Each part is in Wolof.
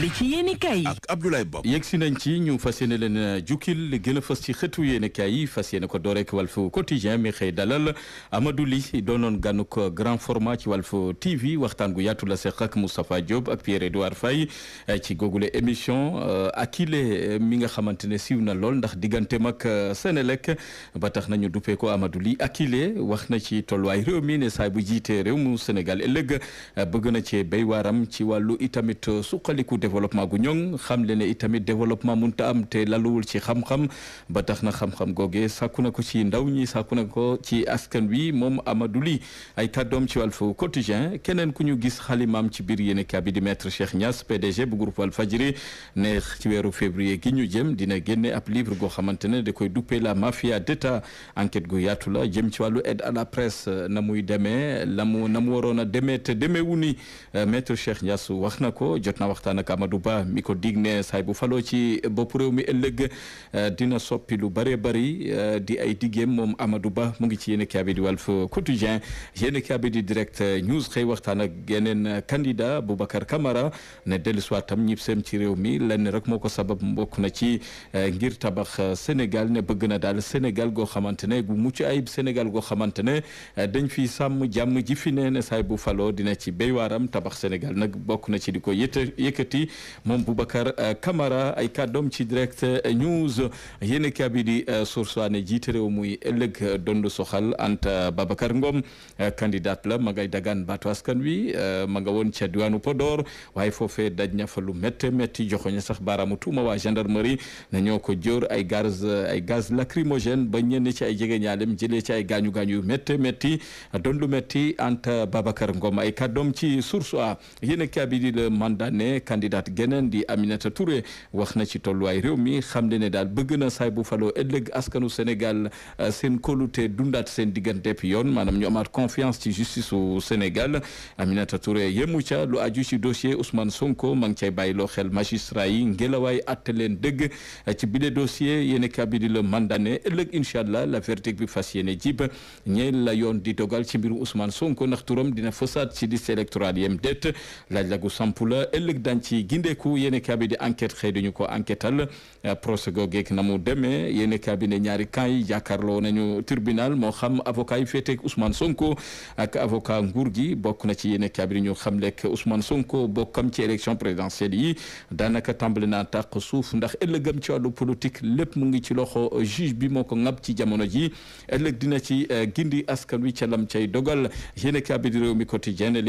li ci yéeni kaay yi Bob yegg si nañ ci ñu fas yéene leen euh, jukkil gën a fës ci xëtu yéeni kaay yi fas yéene ko doorek Walfu Quotidien mi xëy dalal Amadou Ly doonoon gànuk euh, grand format ci Walfu TV waxtaan gu yaatu la seq ak Moustapha Diop ak Pierre Edouard Faye euh, ci googule émission Akile mi nga xamante ne siiw na lool ndax digganteem ak Senelec ba tax nañu duppee ko Amadou Ly Akile wax na ci tolluwaay réew mi ne saay bu jiitee réew mu senegal ëllëg bëgg na cee béy waaram ci wàllu itamit suqaliku développement gu ñoŋ xam le ne itamit développement munta am te laluwul ci xam-xam ba tax na xam-xam googe sàkku na ko ci ndaw ñi sàkku na ko ci askan wi moom Amadou Ly ay kàddoom ci Walf Quotidien keneen ku ñu gis xalimaam ci biir yéene kaa bi di maître Cheikh Niass PDG bu groupe Walfadjri ne ci weeru février gi ñu jëm dina génne ab livre goo xamante ne da koy duppee la mafia d'état enquête gu yaatu la jëm ci wàllu aide à la presse na muy demee la mu na mu waroon a demee te demeewu ni maître Cheikh Niass wax na ko jot waxtaan ak Amadou Ba mi ko dig ne saay bu faloo ci bopp réew mi ëllëg euh, dina soppi lu bëree bëri euh, di ay diggeem moom Amadou Ba mu ngi ci yéen kaabi di Walf Quotidien yéen kaabidi di direct news xëy waxtaan ak yeneen candidat Boubacar kamara ne dellu soit tam ñib seem ci réew mi lenn rek moo ko sabab mbokk na ci euh, ngir tabax Sénégal ne bëgg na daal Sénégal goo xamante ne gu mucc ayib Sénégal goo xamante ne dañ fi sàmm jàmm ji fi ne ne bu faloo dina ci béy waaram tabax Sénégal nag bokk na ci di ko yëkkati yi moom Boubacar euh, Camara ay kàddoom ci direct euh, news yéen a bi di euh, source ne jiite réew muy ëllëg dondu soxal Anta Babacar Ngom candidate la ma ngay dagaan baatu askan wi ma nga woon ca diwaanu Podor waaye foofee daj na fa lu métti métti joxoña sax baaraamu tuuma waa gendarmerie na ñoo ko jóor ay gaz ay gaz lacrymogène ba ñenn ci ay jege ñaalem jëlee ci ay gaañu gaañu yu métti métti don Anta Babacar Ngom ay kàddoom ci source daal geneen di Aminata Touré wax na ci tolluwaay rew mi xam ne ne daal bëgg na saay bu faloo ëllëg askanu Sénégal euh, seen kóolute dundaat seen digganteep yoon maanaam ñu amaat confiance ci justice su Sénégal Aminata Touré yemu ca lu aju ci dossier Ousmane Sonko ma ngi cay bàyyiloo xel magistrat yi ngelawaay atte leen dëgg ci bile dossier yéen kabidi la mandané ëllëg incha allah la verdict bi fas yéene jib ñeel la yoon di dogal ci mbirum Ousmane Sonko nax turam dina fësaat ci liste électorale yem ci gindeeku yéen kabi di enquête xëy dañu ko enquêtal euh, procès googeeg na mu demee yéen kabi ne ñaari camp yi jàkkaarloo nañu tribunal moo xam avocat yi féeteeg Ousmane Sonko ak avoca nguur gi bokk na ci yéen kabi di ñu xam lekk Ousmane Sonko bokkam ci élection présidentielle yi daanaka tàmbali naa tàq suuf ndax ëllëgam ci wàllu politique lépp mu ngi ci loxo juge bi moo ko ŋab ci jamono ji ëllëg dina ci euh, gindi askan wi ca lam cay dogal yéen kabi di réew mi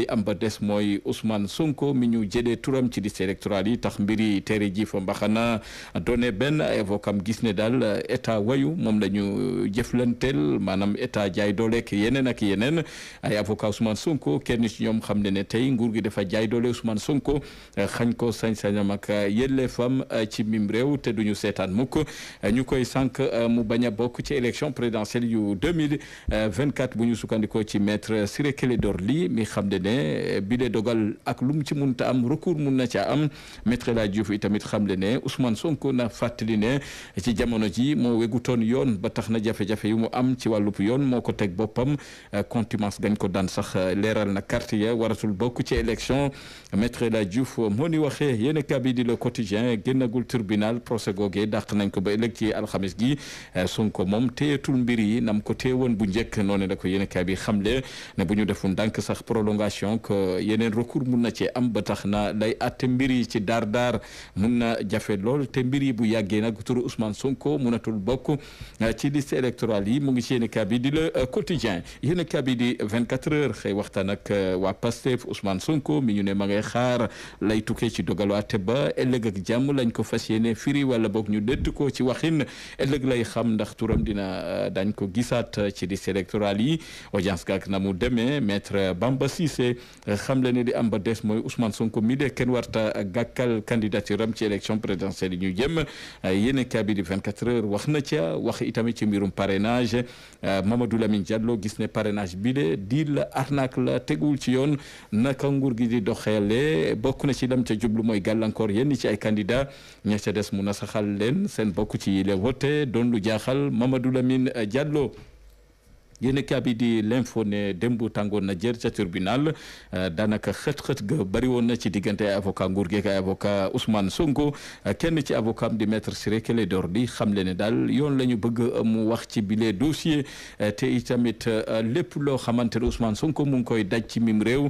am ba des mooy Ousmane Sonko mi ñu jëlee turam ci liste électorale tax mbir yi tere ji fa mbaxana donné benn ay avocat am gis ne daal état wayu moom la ñu jëflanteel maanaam état jaay dooleek yeneen ak yeneen ay avocat Ousmane Sonko kenn ci ñoom xam ne ne tey nguur gi dafa jaay doole Ousmane Sonko xañ ko sañ-sañam ak yelleefam ci mim réew te duñu seetaan mukk ñu koy sànq mu bañ a bokk ci élection présidentielle yu 2024 bu ñu sukkandikoo ci maître Ciré dor Ly mi xam ne ne bi le dogal ak lu mu ci munta am recours mun na ci ca am maître El Hadj Diouf itamit xamle ne Ousmane Sonko na fàttali ne ci jamono ji moo wegutoon yoon ba tax na jafe-jafe yu mu am ci wàllub yoon moo ko teg boppam euh, contumace gañ ko dan sax leeral na carte ya waratul bokk ci élection maître El Hadj Diouf moo ni waxee yéen kabi di le quotidien génnagul tribunal procès googee nañ ko ba ëllëg ci alxamis gi euh, Sonko moom téyetul mbir yi nam ko téye woon bu njëkk noonu la ko yéen kabi xamle ne bu ñu defoon ndànk sax prolongation que yeneen recours mbir yi ci daar daar mun na jafe lool te mbir yi bu yàggee nag turu Ousmane Sonko munatul bokk euh, ci liste électorale yi mu ngi ci yéen kabi di le quotidien yéen kabi di 24 heures xëy waxtaan ak euh, waa Pastef Ousmane Sonko mi ñu ne ma ngay xaar lay tukkee ci dogalu àtte ba ëllëg ak jàmm lañ ko fas yéene firi wala boog ñu dëtt ko ci waxin ëllëg lay xam ndax turam dina euh, dañ ko gisaat ci liste électorale yi audience gàk na mu demee maître Bamba Cissé xam le ne di ba des mooy de gàkkal candidature am ci élection présidentielle yi ñu jëm yéen kaa bi wax na ca wax itamit ci mbirum parrainage Mamadou Lamine Diallo gis ne parrainage bi de deal la arnaque la teguwul ci yoon naka nguur gi di doxeele bokk na ci lam ca jublu mooy gàllankoor yenn ci ay candidat ña ca des mu nasaxal leen seen bokk ci yile wote doon lu jaaxal Mamadou Lamine Diallo yéen a bi di l'info ne démb tàngoon na jër ca tribunal euh, daanaka xët-xët ga bari woon na ci diggante ay avocat nguur geeg ay avocat Ousmane Sonko euh, kenn ci avocat am di maître Ciré Clédor Ly xam le ne daal yoon la ñu bëgg euh, mu wax ci bile dossier te itamit lépp loo xamante ne Ousmane Sonko mu ngi koy daj ci mim réew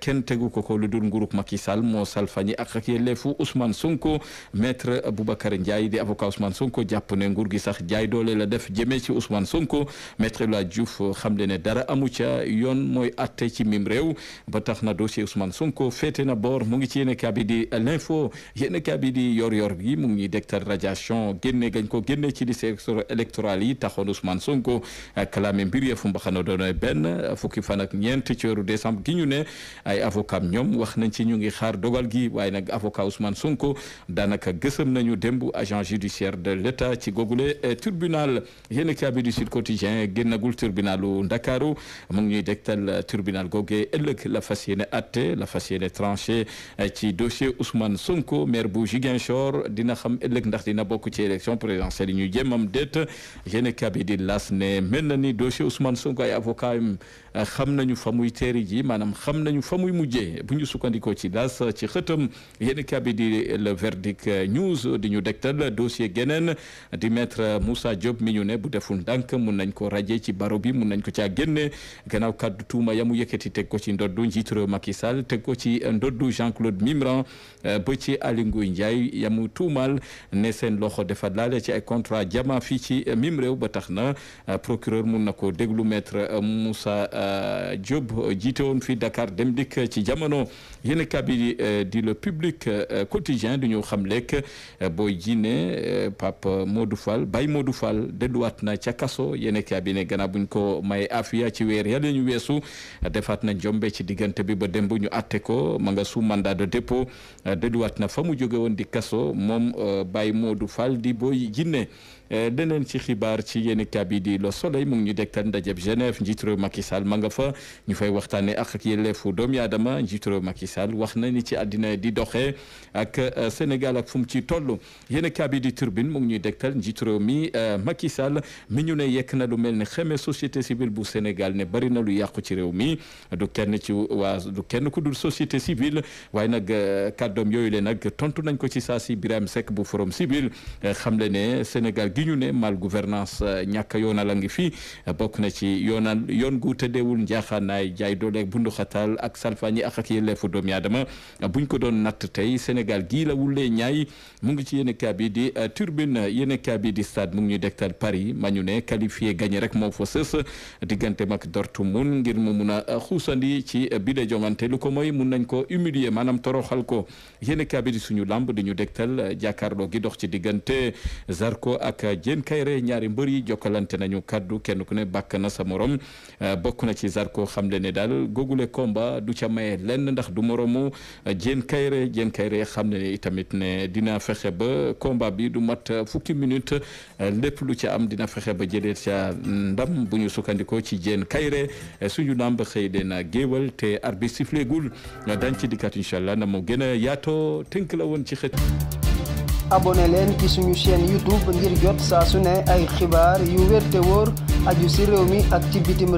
kenn tegu ko ko lu dul nguurug Macky Sall moo salfañi ak ak yelleefu Ousmane Sonko maître Boubacar Ndiaye di avocat Ousmane Sonko jàpp ne gi sax jaay doole la def jëmee ci Ousmane Sonko Diouf xam le ne dara amu ca yoon mooy atte ci mim réew ba tax na dossier Ousmane Sonko féete na boor mu ngi ci yéen kabi di l'info yéen kabi di yor yor gi mu ngi dektal radiation génne gañ ko génne ci liste électorale yi taxoon Ousmane Sonko kalaame mbir ya fu mbaxana doone benn fukki fan ak ñeent ci weeru décembre gi ñu ne ay avocat ñoom wax nañ ci ñu ngi xaar dogal gi waaye nag avocat Ousmane Sonko daanaka gësëm nañu démb agent judiciaire de l'État ci gogule eh, tribunal yéen kabi du Sud tribunalu Ndakaaru mu ngi ñuy dégtal tribunal googee ëllëg la fas yéene atte la fas yéene tranché eh, ci dossier Ousmane Sonko maire bu Ziguinchor dina xam ëllëg ndax dina bokk ci élection présidentielle yi ñu jéemam déet yéen a kabi di las ne mel na ni dossier Ousmane Sonko ay avocat xam nañu fa muy teeri ji maanaam xam nañu fa muy mujjee bu ñu sukkandiku ci daas ci xëtam yéen kabi di le verdict news di ñu dektal dossier geneen di maître Moussa Diop mi ñu ne bu deful ndànk mun nañ ko rajee ci baro bi mun nañ ko ci caa génne gannaaw kaddu tuuma yamu yëkkati teg ko ci ndoddu njiitu réew Macky Sall teg ko ci ndoddu Jean-Claude Mimran ba ci Aly Ndiaye yamu tuumal ne seen loxo dafa laale ci ay contrat jama fii ci mim réew ba tax na procureur mun na ko déglu maître Euh, Diop euh, jiite woon fii Dakar dem dikk euh, ci jamono yéen kabi di le public quotidien du ñu xam lekk booy jiine Pape Modou Fall Baye Modou Fall delluwaat na ca kaso yéen kabi ne gannaaw buñ ko may afiya ci weer yàlla ñu weesu defaat na njombe ci diggante bi ba démb ñu atte ko ma nga sous mandat de dépôt na fa mu jóge woon di kaso moom Baye Modou Fall di booy jiine leneen ci xibaar ci yéen kabi di le soleil mu ngi ñu dégtal ndajeb Genève njiitu réew ma nga fa ñu fay waxtaanee ak ak yelleefu doomi aadama njiitu réew Macky Sall wax na ni ci àddina di doxee ak euh, Sénégal ak fu ci toll yéen a kaabi di turbine mu ngi ñuy dégtal njiitu réew mi euh, Macky Sall mi ñu ne yekk na lu mel ne xeme société civile bu Sénégal ne bari na lu yàqu ci réew mi du kenn ci waa du kenn ku dul société civile waaye nag euh, kàddoom yooyu le nag tontu nañ ko ci saa si Birame Seck bu forum civil xam le ne Sénégal gi ñu ne mal gouvernance ñàkk yoonal a fi bokk teewul njaaxaanaay jaay dooleeg bunduxatal ak salfaañi ak ak yelleefu doomi aadama buñ ko doon natt tey Sénégal gii la wulee ñaay mu ngi ci yéene kaay bi di euh, turbine yéene kaay bi di stade mu ngi ñuy dektal Paris ma ñu ne qualifié gagné rek moo fa sës diggante mag Dortmund ngir mu mun a euh, xuusandi ci euh, bi de jongante lu ko moy mun nañ ko humilier maanaam toroxal ko yéene kaay di suñu lamb di ñu dektal jàkkaarloo gi dox ci diggante Zarko ak Diène Kairé ñaari mbër yi jokkalante nañu kaddu kenn ku ne bakk na sa morom bokk na ci Zarko xamle ne daal googule komba du ca maye lenn ndax du moromu euh, Diène Kairé Diène Kairé xam ne itamit ne dina fexe ba combat bi du mat euh, fukki minute euh, lépp lu ca am dina fexe ba jëlee ca ndam bu ñu sukkandikoo ci Diène Kairé suñu lamb xëy dina géewal te arbitre sifflé gul dañ ci dikkaat incha allah na mu gën a yaatoo tënk la woon ci xët abonné leen ci suñu chaîne youtube ngir jot saa su ay xibaar yu wér te aju si réew mi ak ci bitim